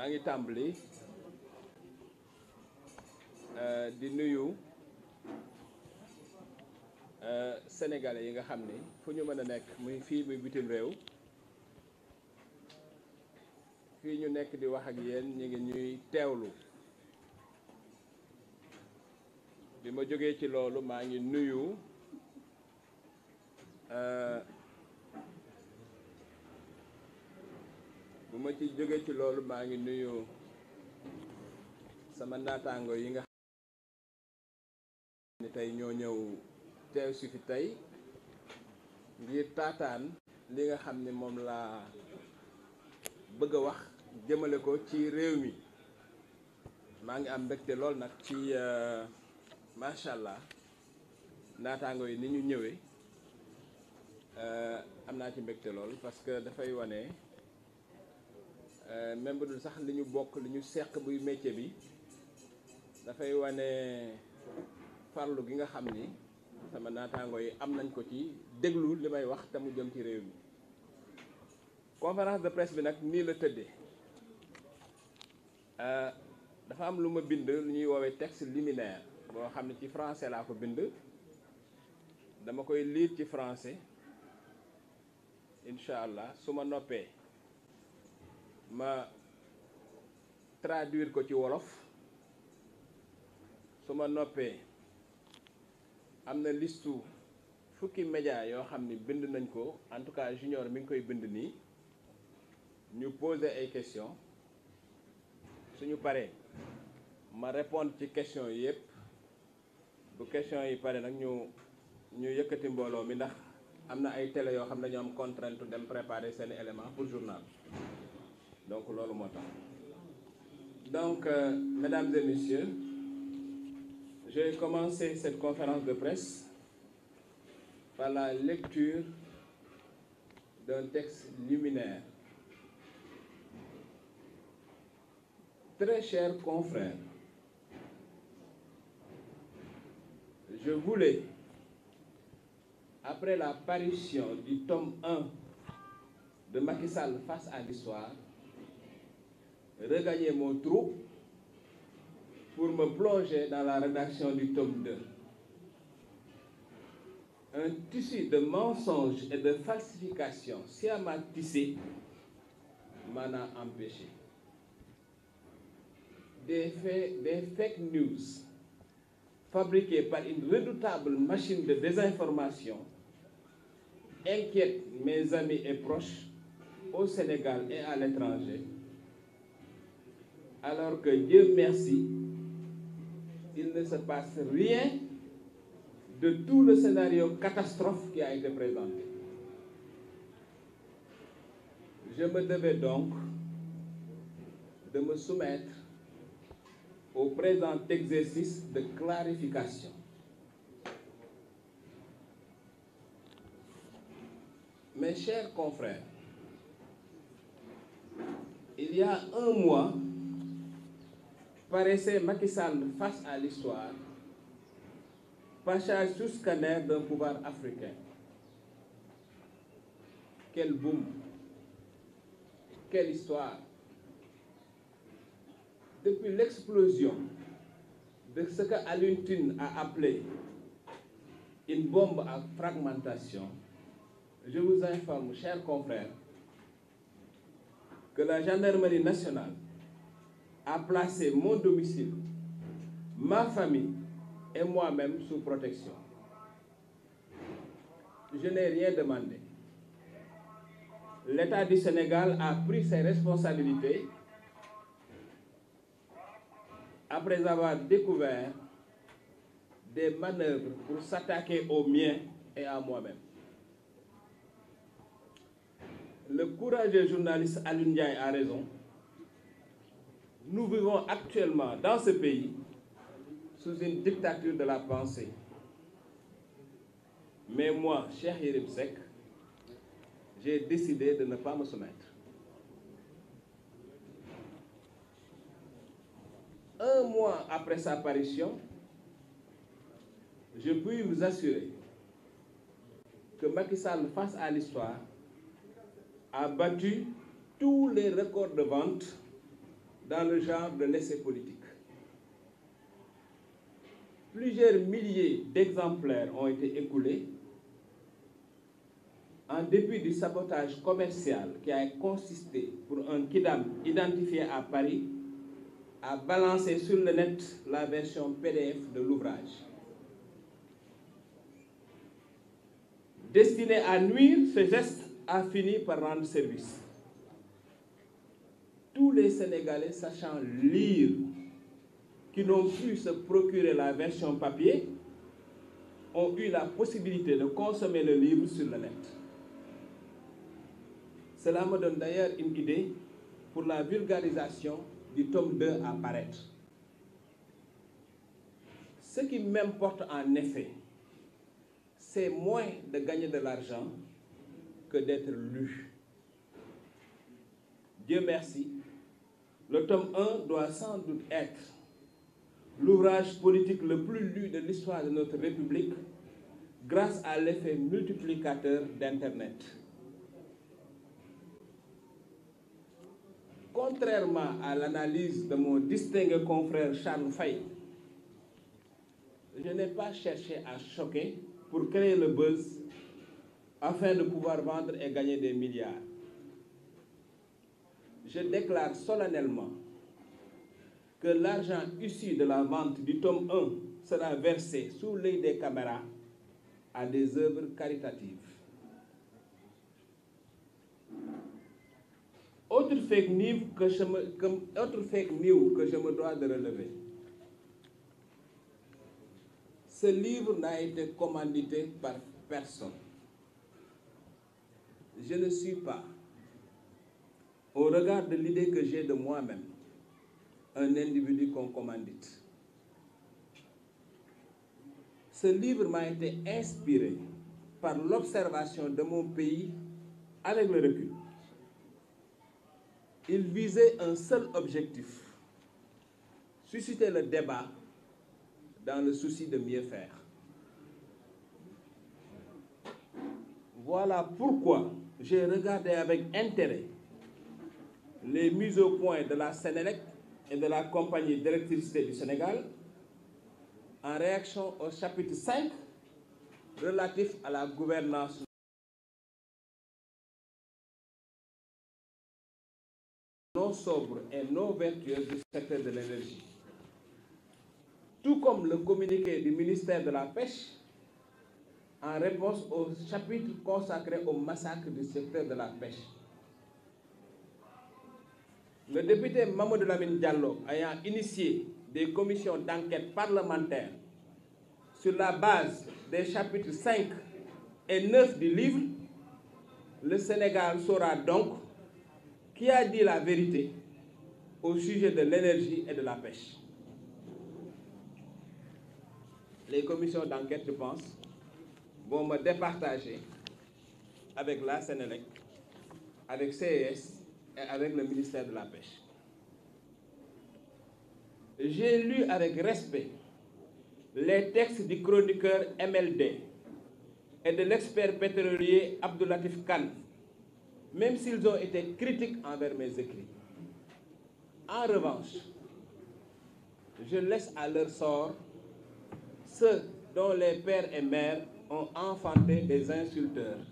maa ngi tàmbali euh, di nuyu euh, senegale yi nga xam ni fu ñu mën a nekk muy fii muy bitim réew fii ñu nekk di wax ak yéen ñu ngi ñuy teewlu bi ma jógee ci loolu maa ngi nuyu. Euh, bu ma ci jóge ci loolu maa ngi nuyu sama naataango yi nga xam ni tey ñoo ñëw teew si fi tey ngir taataan li nga xam ni moom laa bëgg a wax jëmale ko ci réew mi maa ngi am mbégte lool nag ci euh, macha allah naataango yi ni ñu ñëwee euh, am naa ci mbégte lool parce que dafay wane. Euh, même bu dul sax li ñu bokk li ñu seq buy métier bi dafay wane farlu gi nga xam ni sama naataango yi am nañ ko ci déglu li may wax te mu jëm ci réew mi conférence de presse bi nag nii la tëddee euh, dafa am lu ma bind lu ñuy woowee texte liminaire boo xam ne ci français laa ko bind dama koy liit ci français incha allah su ma noppee ma traduire ko ci wolof suma noppé amna am na listu fukki média yo xamni ni bind nañ ko en tout cas junior mi ngi koy bind ni ñu poser ay questions suñu paré ma répondre ci questions yépp bu questions yi paré nak ñu ñu yëkëti mbolo mi ndax amna ay télé yo xam ne am contrainte dem préparer seen élément pour journal donc donc euh, mesdames et messieurs j'ai commencé cette conférence de presse par la lecture d'un texte luminaire très chers confrères je voulais après l'apparition du tome 1 de Macky Sall face à l'histoire regagner mon trou pour me plonger dans la rédaction du tome 2. Un tissu de mensonges et de falsifications, si à ma tissé, m'en a empêché. Des, faits, des fake news fabriquées par une redoutable machine de désinformation inquiètent mes amis et proches au Sénégal et à l'étranger alors que Dieu merci, il ne se passe rien de tout le scénario catastrophe qui a été présenté. Je me devais donc de me soumettre au présent exercice de clarification. Mes chers confrères, il y a un mois, paraissait Macky Sall face à l'histoire, cher sous scanner d'un pouvoir africain. Quel boom Quelle histoire Depuis l'explosion de ce que Tun a appelé une bombe à fragmentation, je vous informe, chers confrères, que la gendarmerie nationale a placer mon domicile, ma famille et moi-même sous protection. Je n'ai rien demandé. L'État du Sénégal a pris ses responsabilités après avoir découvert des manœuvres pour s'attaquer aux miens et à moi-même. Le courageux journaliste Alun a raison nous vivons actuellement dans ce pays sous une dictature de la pensée. Mais moi, cher Yerimsek, j'ai décidé de ne pas me soumettre. Un mois après sa apparition, je puis vous assurer que Macky Sall, face à l'histoire, a battu tous les records de vente dans le genre de l'essai politique. Plusieurs milliers d'exemplaires ont été écoulés en dépit du sabotage commercial qui a consisté pour un kidam identifié à Paris à balancer sur le net la version PDF de l'ouvrage. Destiné à nuire, ce geste a fini par rendre service tous les Sénégalais sachant lire, qui n'ont pu se procurer la version papier, ont eu la possibilité de consommer le livre sur le net. Cela me donne d'ailleurs une idée pour la vulgarisation du tome 2 à paraître. Ce qui m'importe en effet, c'est moins de gagner de l'argent que d'être lu. Dieu merci, le tome 1 doit sans doute être l'ouvrage politique le plus lu de l'histoire de notre République grâce à l'effet multiplicateur d'Internet. Contrairement à l'analyse de mon distingué confrère Charles Fay, je n'ai pas cherché à choquer pour créer le buzz afin de pouvoir vendre et gagner des milliards je déclare solennellement que l'argent issu de la vente du tome 1 sera versé sous l'œil des caméras à des œuvres caritatives. Autre fake, news que je me, que je me dois de relever. Ce livre n'a été commandité par personne. Je ne suis pas au regard de l'idée que j'ai de moi-même, un individu qu'on Ce livre m'a été inspiré par l'observation de mon pays avec le recul. Il visait un seul objectif, susciter le débat dans le souci de mieux faire. Voilà pourquoi j'ai regardé avec intérêt les mises au point de la Sénélec et de la Compagnie d'électricité du Sénégal en réaction au chapitre 5 relatif à la gouvernance. non sobre et non vertueuse du secteur de l'énergie. Tout comme le communiqué du ministère de la Pêche en réponse au chapitre consacré au massacre du secteur de la pêche. Le député Mamadou Lamine Diallo ayant initié des commissions d'enquête parlementaires sur la base des chapitres 5 et 9 du livre, le Sénégal saura donc qui a dit la vérité au sujet de l'énergie et de la pêche. Les commissions d'enquête, je pense, vont me départager avec la Sénélec, avec CES avec le ministère de la Pêche. J'ai lu avec respect les textes du chroniqueur MLD et de l'expert pétrolier Abdoulatif Khan, même s'ils ont été critiques envers mes écrits. En revanche, je laisse à leur sort ceux dont les pères et mères ont enfanté des insulteurs